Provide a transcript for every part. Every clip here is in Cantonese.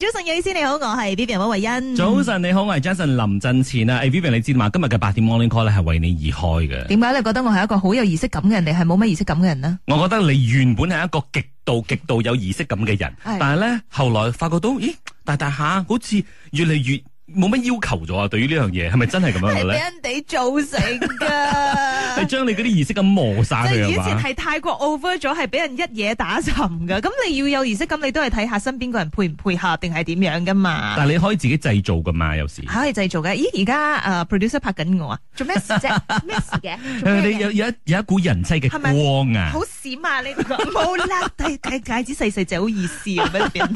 早晨，醫師你好，我係 Vivian 溫慧欣。早晨，你好，我係 Jason 林振前啊！Hey，Vivian，你知嘛？今日嘅八點 Morning Call 咧係為你而開嘅。點解你覺得我係一個好有儀式感嘅人，定係冇乜儀式感嘅人呢？我覺得你原本係一個極度極度有儀式感嘅人，的但係咧後來發覺到，咦，大大下好似越嚟越。冇乜要求咗啊！對於呢樣嘢係咪真係咁樣咧？係人哋造成㗎，係將 你嗰啲儀式咁磨晒佢啊。以前係泰國 over 咗，係俾人一嘢打沉㗎。咁 你要有儀式，咁，你都係睇下身邊個人配唔配合，定係點樣㗎嘛？但係你可以自己製造㗎嘛？有時、啊、可以製造嘅。咦！而家誒 producer 拍緊我啊， 啊，啊？做咩事啫、啊？咩事嘅？你有有一有一股人妻嘅光啊！好閃啊！你冇啦，戴 戒，戒，戒指細細就好意思咩？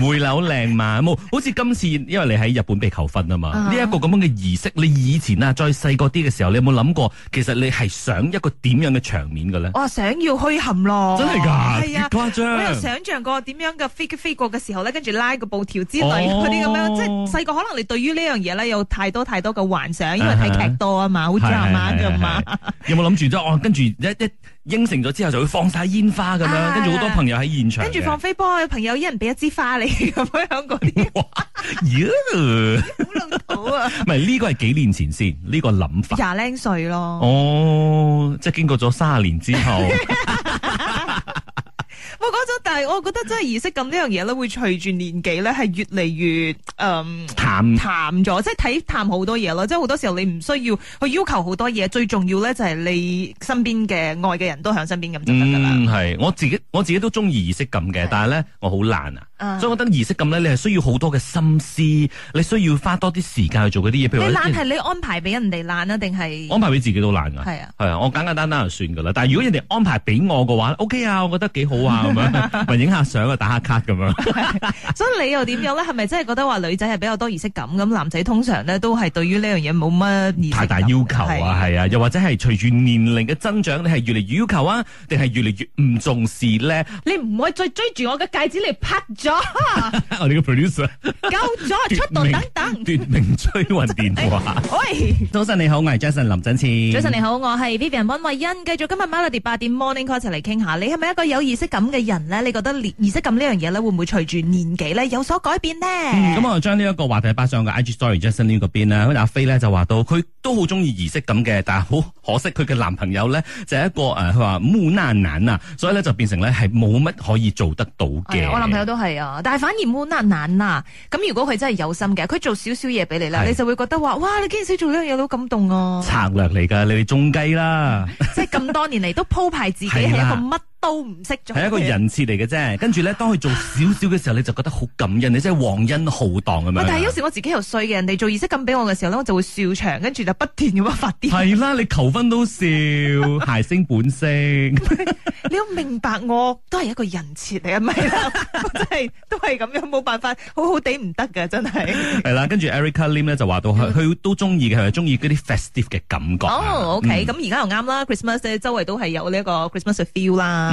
唔 會啦，好靚嘛！冇 好似今次，因為你喺日本求婚啊嘛，呢一個咁樣嘅儀式，你以前啊，再細個啲嘅時候，你有冇諗過，其實你係想一個點樣嘅場面嘅咧？我想要虛撼咯，真係噶，係啊，誇張。我又想象過點樣嘅飛機飛過嘅時候咧，跟住拉個布條之類嗰啲咁樣，即係細個可能你對於呢樣嘢咧有太多太多嘅幻想，因為睇劇多啊嘛，好似阿媽咁嘛。有冇諗住咗？我跟住一一應承咗之後，就會放晒煙花咁樣，跟住好多朋友喺現場，跟住放飛波，朋友一人俾一支花你，咁樣啲。估唔到啊！咪呢、 呢個係幾年前先呢、呢個諗法，廿零歲咯。哦，oh, 即係經過咗三十年之後， 我講咗但係我覺得真係儀式感呢樣嘢咧，會隨住年紀咧係越嚟越，嗯，淡淡咗。即係睇淡好多嘢咯。即係好多時候你唔需要去要求好多嘢，最重要咧就係你身邊嘅愛嘅人都喺身邊咁就得噶啦。係、嗯、我自己我自己都中意儀式感嘅，的但係咧我好難啊。Uh, 所以我覺得儀式感咧，你係需要好多嘅心思，你需要花多啲時間去做嗰啲嘢。譬如你懶，係你安排俾人哋懶啊，定係安排俾自己都懶噶？係啊，係啊，啊，我簡簡單單就算噶啦。但係如果人哋安排俾我嘅話，OK 啊，我覺得幾好啊，咁 樣，咪影下相啊，打下卡咁樣。所以你又點樣咧？係咪真係覺得話女仔係比較多儀式感咁？男仔通常咧都係對於呢樣嘢冇乜太大要求啊，係啊，啊，又或者係隨住年齡嘅增長，你係越嚟越要求啊，定係越嚟越唔重視咧？你唔可以再追住我嘅戒指嚟拍咗。我哋個 producer 夠咗出動，等等，奪命追魂電話。喂，早晨你好，我係 Jason 林振前。早晨你好，我係 Vivian 溫慧欣。繼續今日 Melody 八點 Morning Call 一齊嚟傾下，你係咪一個有儀式感嘅人咧？你覺得儀式感呢樣嘢咧，會唔會隨住年紀咧有所改變咧？嗯，咁我就將呢一個話題擺上個 IG Story Jason 呢個邊咧，阿飛咧就話到，佢都好中意儀式感嘅，但係好可惜，佢嘅男朋友咧就係一個誒，佢話冇耐眼啊，所以咧就變成咧係冇乜可以做得到嘅。我男朋友都係。但係反而冇咁難啦。咁如果佢真係有心嘅，佢做少少嘢俾你啦，是你就會覺得話：哇！你竟然識做呢樣嘢都感動啊，策略嚟噶，你哋中計啦。 即係咁多年嚟都鋪排自己係一個乜？都唔識做，係一個人設嚟嘅啫。跟住咧，當佢做少少嘅時候，你就覺得好感恩，你真係皇恩浩蕩咁樣。但係有時我自己又衰嘅，人哋做儀式咁俾我嘅時候咧，我就會笑場，跟住就不斷咁樣發癲。係啦，你求婚都笑，諧星本色。你要明白，我都係一個人設嚟啊，咪啦，真係都係咁樣，冇辦法，好好地唔得噶，真係。係啦，跟住 Erica Lim 咧就話到，佢都中意嘅係中意嗰啲 festive 嘅感覺。哦，OK，咁而家又啱啦，Christmas 咧周圍都係有呢一個 Christmas feel 啦。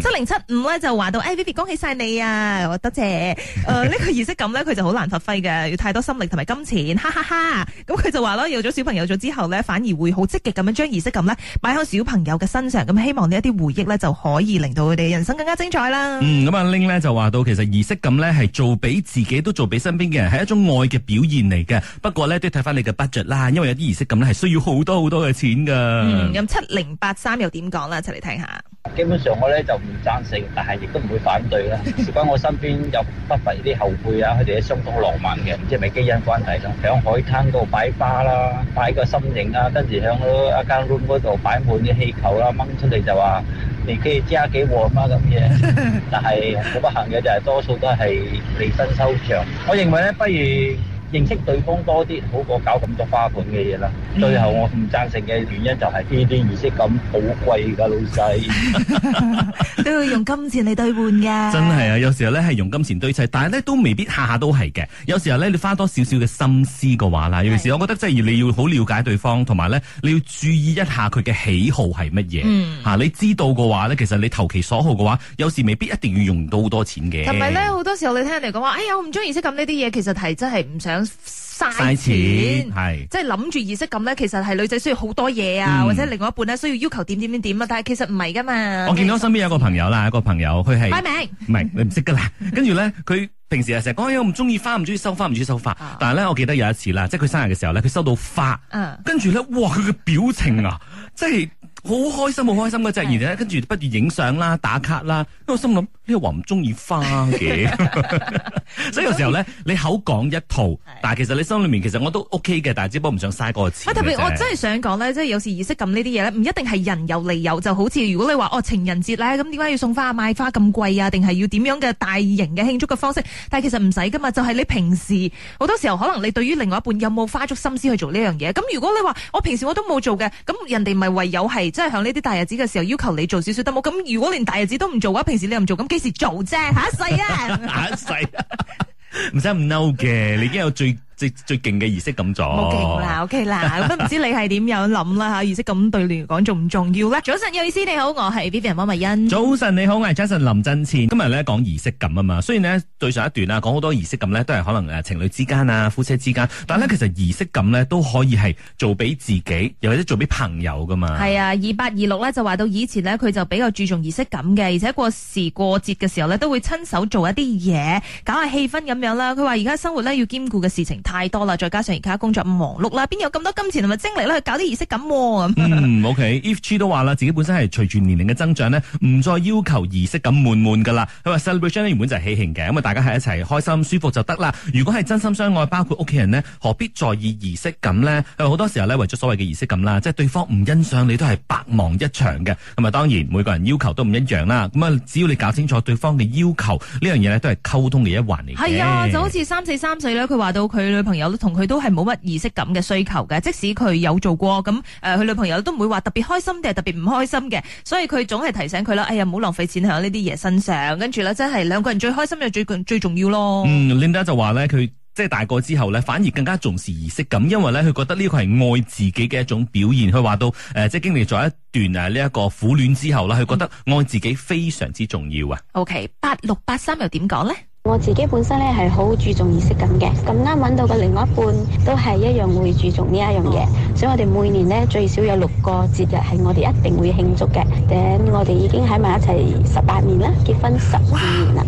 七零七五咧就話到誒，Vivi，恭喜晒你啊！我多謝誒，呢、呃這個儀式感咧，佢就好難發揮嘅，要太多心力同埋金錢，哈哈哈，哈。咁佢就話咯，有咗小朋友咗之後咧，反而會好積極咁樣將儀式感咧擺喺小朋友嘅身上，咁希望呢一啲回憶咧就可以令到佢哋人生更加精彩啦。嗯，咁、那、啊、個、，ling 咧就話到其實儀式感咧係做俾自己都做俾身邊嘅人，係一種愛嘅表現嚟嘅。不過咧都要睇翻你嘅 budget 啦，因為有啲儀式感呢係需要好多好多嘅錢噶。嗯，咁七零八三又點講咧？一齊嚟聽下。基本上我咧就唔贊成，但係亦都唔會反對啦。事關我身邊有不乏啲後輩啊，佢哋咧相當浪漫嘅，唔知係咪基因關係咯。響海灘度擺花啦，擺個心形啦，跟住響嗰一間 room 嗰度擺滿啲氣球啦，掹出嚟就話你可以揸幾朵嘛咁嘅。但係好不幸嘅就係多數都係離身收場。我認為咧，不如。認識對方多啲，好過搞咁多花盤嘅嘢啦。嗯、最後我唔贊成嘅原因就係呢啲意識感好貴噶，老細都要用金錢嚟對換嘅。真係啊，有時候咧係用金錢堆砌，但係咧都未必下下都係嘅。有時候咧你花多少少嘅心思嘅話啦，尤其是我覺得即係你要好了解對方，同埋咧你要注意一下佢嘅喜好係乜嘢。嗯、啊。你知道嘅話咧，其實你投其所好嘅話，有時候未必一定要用到好多錢嘅。同埋咧，好多時候你聽人哋講話，哎呀，我唔中意識感呢啲嘢，其實係真係唔想。嘥錢係，是即係諗住儀式咁咧，其實係女仔需要好多嘢啊，嗯、或者另外一半咧需要要求點點點點啊，但係其實唔係噶嘛。我見到身邊有一個朋友啦，一個朋友佢係擺明，明，你唔識噶啦。 跟住咧，佢平時啊成日講我唔中意花，唔中意收花，唔中意收花。啊、但係咧，我記得有一次啦，即係佢生日嘅時候咧，佢收到花，啊、跟住咧，哇佢嘅表情啊，即係。 好開心，好開心嗰隻，而且跟住不如影相啦，打卡啦。的我心諗呢個話唔中意花嘅。 所以有時候咧，以你口講一套，的但係其實你心裏面其實我都 OK 嘅，但係只不過唔想嘥嗰個錢。特別我真係想講咧，即係有時儀式感呢啲嘢咧。唔一定係人有利有，就好似如果你話哦情人節咧，咁點解要送花、買花咁貴啊？定係要點樣嘅大型嘅慶祝嘅方式？但係其實唔使噶嘛，就係、是、你平時好多時候可能你對於另外一半有冇花足心思去做呢樣嘢？咁如果你話我平時我都冇做嘅，咁人哋咪唯有係。真係響呢啲大日子嘅時候要求你做少少得冇？咁如果連大日子都唔做嘅話，平時你又唔做，咁幾時做啫？下一世啊！下一世，唔使唔嬲嘅，你已經有最。最最勁嘅儀式感咗，冇勁啦，OK 啦。咁都唔知你係點樣諗啦嚇？ 儀式感對你嚟講仲唔重要咧？早晨，有意思你好，我係 Vivian 汪慧欣早晨你好，我係 Jason 林振前。今日咧講儀式感啊嘛，雖然呢，對上一段啊講好多儀式感呢，都係可能誒情侶之間啊、夫妻之間，嗯、但呢，其實儀式感呢，都可以係做俾自己，又或者做俾朋友噶嘛。係啊，二八二六咧就話到以前呢，佢就比較注重儀式感嘅，而且過時過節嘅時候呢，都會親手做一啲嘢，搞下氣氛咁樣啦。佢話而家生活呢，要兼顧嘅事情太多啦，再加上而家工作咁忙碌啦，邊有咁多金錢同埋精力去搞啲儀式感咁？嗯，OK，Ifg、okay、 都話啦，自己本身係隨住年齡嘅增長呢，唔再要求儀式感滿滿噶啦。佢話 celebration 咧，原本就係喜慶嘅，咁啊大家係一齊開心舒服就得啦。如果係真心相愛，包括屋企人呢，何必在意儀式感呢？佢、呃、好多時候咧，為咗所謂嘅儀式感啦，即係對方唔欣賞你都係白忙一場嘅。咁啊，當然每個人要求都唔一樣啦。咁啊，只要你搞清楚對方嘅要求呢樣嘢咧，都係溝通嘅一環嚟。係啊，就好似三四三四咧，佢話到佢女朋友同佢都係冇乜儀式感嘅需求嘅，即使佢有做過咁，誒、呃，佢女朋友都唔會話特別開心定係特別唔開心嘅，所以佢總係提醒佢啦，哎呀，唔好浪費錢喺呢啲嘢身上，跟住咧，真係兩個人最開心就最最重要咯。嗯，Linda 就話咧，佢即係大個之後咧，反而更加重視儀式感，因為咧，佢覺得呢個係愛自己嘅一種表現。佢話到，誒、呃，即係經歷咗一段呢一、啊這個苦戀之後啦，佢覺得愛自己非常之重要啊、嗯。OK，八六八三又點講咧？我自己本身咧，係好注重儀式感嘅，咁啱揾到嘅另外一半都係一樣會注重呢一樣嘢，所以我哋每年咧，最少有六個節日係我哋一定會慶祝嘅。但我哋已經喺埋一齊十八年啦，結婚十二年啦。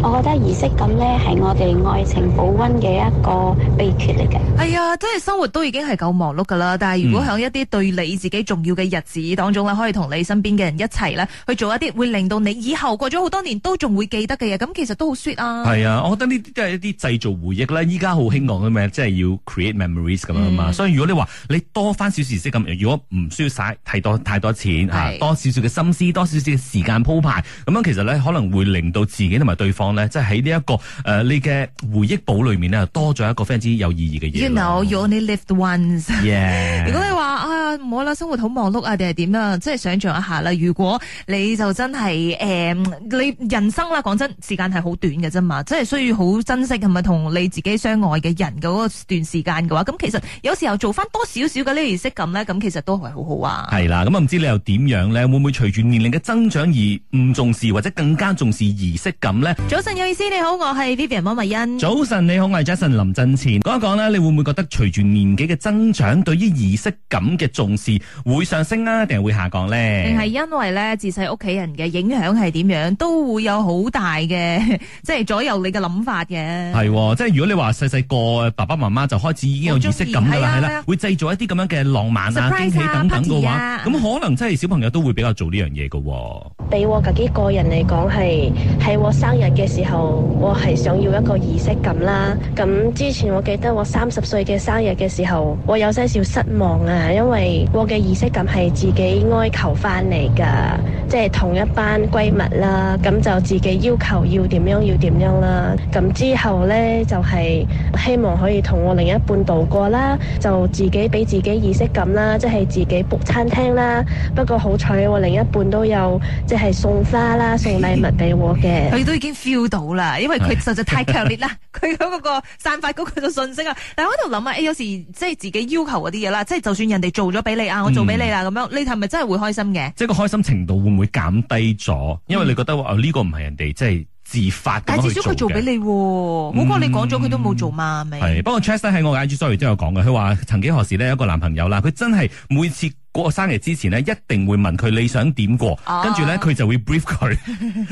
我覺得儀式感咧，係我哋愛情保溫嘅一個秘訣嚟嘅。係啊、哎，即係生活都已經係夠忙碌噶啦，但係如果響一啲對你自己重要嘅日子當中咧，嗯、可以同你身邊嘅人一齊咧去做一啲會令到你以後過咗好多年都仲會記得嘅嘢，咁其實都好 sweet 啊。係啊，我覺得呢啲都係一啲製造回憶啦。依家好興講嘅咩，即係要 create memories 咁、嗯、樣啊嘛。所以如果你話你多翻少少儀式感，如果唔需要晒太多太多錢是、啊、多少少嘅心思，多少少嘅時間鋪排，咁樣其實咧可能會令到自己同埋對方。即係喺呢一個誒、呃，你嘅回憶簿裏面呢多咗一個非常之有意義嘅嘢。You know, you only live once. Yeah. 如果你話啊，冇啦，生活好忙碌啊，定係點啊？即係想象一下啦。如果你就真係誒、嗯，你人生啦，講真，時間係好短嘅啫嘛，即係需要好珍惜，同同你自己相愛嘅人嗰個段時間嘅話，咁其實有時候做翻多少少嘅呢儀式感呢，咁其實都係好好啊。係啦，咁啊唔知你又點樣咧？會唔會隨住年齡嘅增長而唔重視或者更加重視儀式感咧？ 早晨，有意思，你好，我係 Vivian 馬慧欣。早晨，你好，我係 Jason 林振前。講一講咧，你會唔會覺得隨住年紀嘅增長，對於儀式感嘅重視會上升啊，定係會下降咧？定係因為咧，自細屋企人嘅影響係點樣，都會有好大嘅，即係左右你嘅諗法嘅。係、哦，即係如果你話細細個爸爸媽媽就開始已經有儀式感啦，係啦，啊啊啊、會製造一啲咁樣嘅浪漫啊、驚 Surprise 喜等等嘅話，咁、啊啊、可能真係小朋友都會比較做呢樣嘢嘅、哦。俾我自己個人嚟講，係係我生日嘅時候我係想要一個儀式感啦，咁之前我記得我三十歲嘅生日嘅時候，我有些少失望啊，因為我嘅儀式感係自己哀求翻嚟噶，即係同一班閨蜜啦，咁就自己要求要點樣要點樣啦，咁之後咧就係希望可以同我另一半度過啦，就自己俾自己儀式感啦，即係自己 book 餐廳啦，不過好彩我另一半都有即係送花啦，送禮物俾我嘅，佢都已經 feel。到啦，因為佢實在太強烈啦，佢嗰個個散發佢個他的信息，啊， 但係我喺度諗啊，誒，有時即係自己要求嗰啲嘢啦，即係就算人哋做咗俾你啊，嗯、我做俾你啦，咁樣你係咪真係會開心嘅？即係個開心程度會唔會減低咗？因為你覺得啊，呢、嗯哦呢個唔係人哋即係。自發嘅，但至少佢做俾你。好過，你講咗佢都冇做嘛？係，不過 Chastie 喺我 IG sorry 都有講嘅。佢話曾幾何時咧有個男朋友啦，佢真係每次過生日之前咧一定會問佢你想點過，跟住咧佢就會 brief 佢，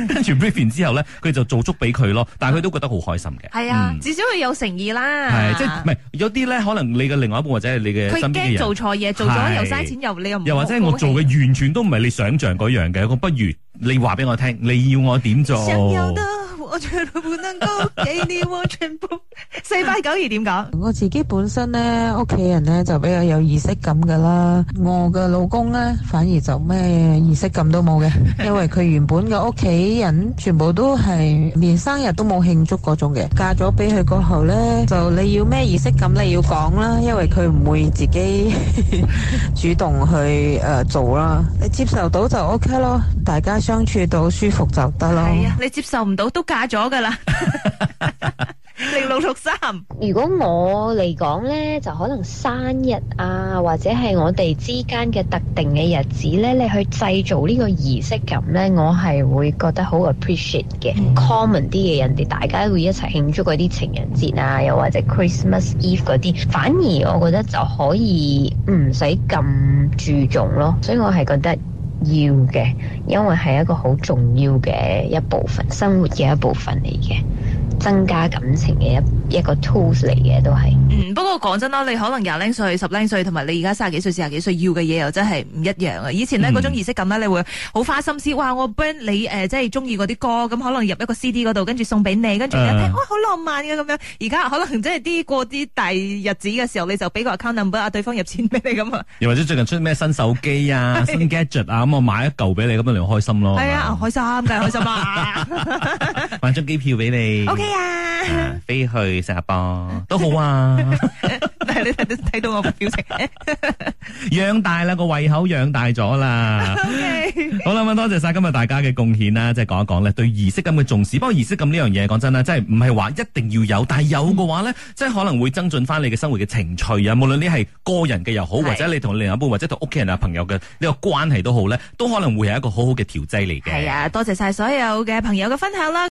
跟住 brief 完之後咧佢就做足俾佢咯。但係佢都覺得好開心嘅。係啊，至少佢有誠意啦。係即係唔係有啲咧？可能你嘅另外一半或者係你嘅佢驚做錯嘢，做咗又嘥錢又你又或者我做嘅完全都唔係你想象嗰樣嘅，我不如。你話俾我聽，你要我點做？全部都高，幾年全部四八九二點講。我自己本身咧，屋企人咧就比較有儀式感噶啦。我嘅老公咧，反而就咩儀式感都冇嘅，因為佢原本嘅屋企人全部都係連生日都冇慶祝嗰種嘅。嫁咗俾佢過後咧，就你要咩儀式感，你要講啦，因為佢唔會自己主動去誒做啦。你接受到就 OK 咯，大家相處到舒服就得咯。係啊，你接受唔到都嫁咗噶啦，零六六三。如果我嚟講呢，就可能生日啊，或者係我哋之間嘅特定嘅日子呢，你去製造呢個儀式感呢，我係會覺得好 appreciate 嘅。Common 啲嘅人哋大家會一齊慶祝嗰啲情人節啊，又或者 Christmas Eve 嗰啲，反而我覺得就可以唔使咁注重咯。所以我係覺得。要嘅，因為係一個好重要嘅一部分，生活嘅一部分嚟嘅，增加感情嘅一部分。一個 tools 嚟嘅都係，嗯，不過講真啦，你可能廿零歲、十零歲，同埋你而家卅幾歲、四廿幾歲，要嘅嘢又真係唔一樣啊！以前呢嗰種儀式感咧，嗯、你會好花心思，哇！我 burn 你誒、呃，即係中意嗰啲歌，咁可能入一個 CD 嗰度，跟住送俾你，跟住一聽好、啊哦、浪漫嘅咁樣。而家可能即係啲過啲大日子嘅時候，你就俾個 account number，啊對方入錢俾你咁啊。樣又或者最近出咩新手機啊、 是新 gadget 啊，咁、嗯、我買一嚿俾你咁樣，你開心咯。係啊，啊開心梗係開心啦！ 買張機票俾你，OK 啊，啊，飛去。噃都好啊！ 但係你睇到我表情 養，養大啦，個胃口養，養大咗啦。好啦，咁多謝晒今日大家嘅貢獻啦，即係講一講咧，對儀式感嘅重視。不過儀式感呢樣嘢，講真啦，即係唔係話一定要有，但係有嘅話咧，嗯、即係可能會增進翻你嘅生活嘅情趣啊。無論你係個人嘅又好，或者你同另一,一半，或者同屋企人啊、朋友嘅呢個關係都好咧，都可能會係一個好好嘅調劑嚟嘅。係啊，多謝晒所有嘅朋友嘅分享啦。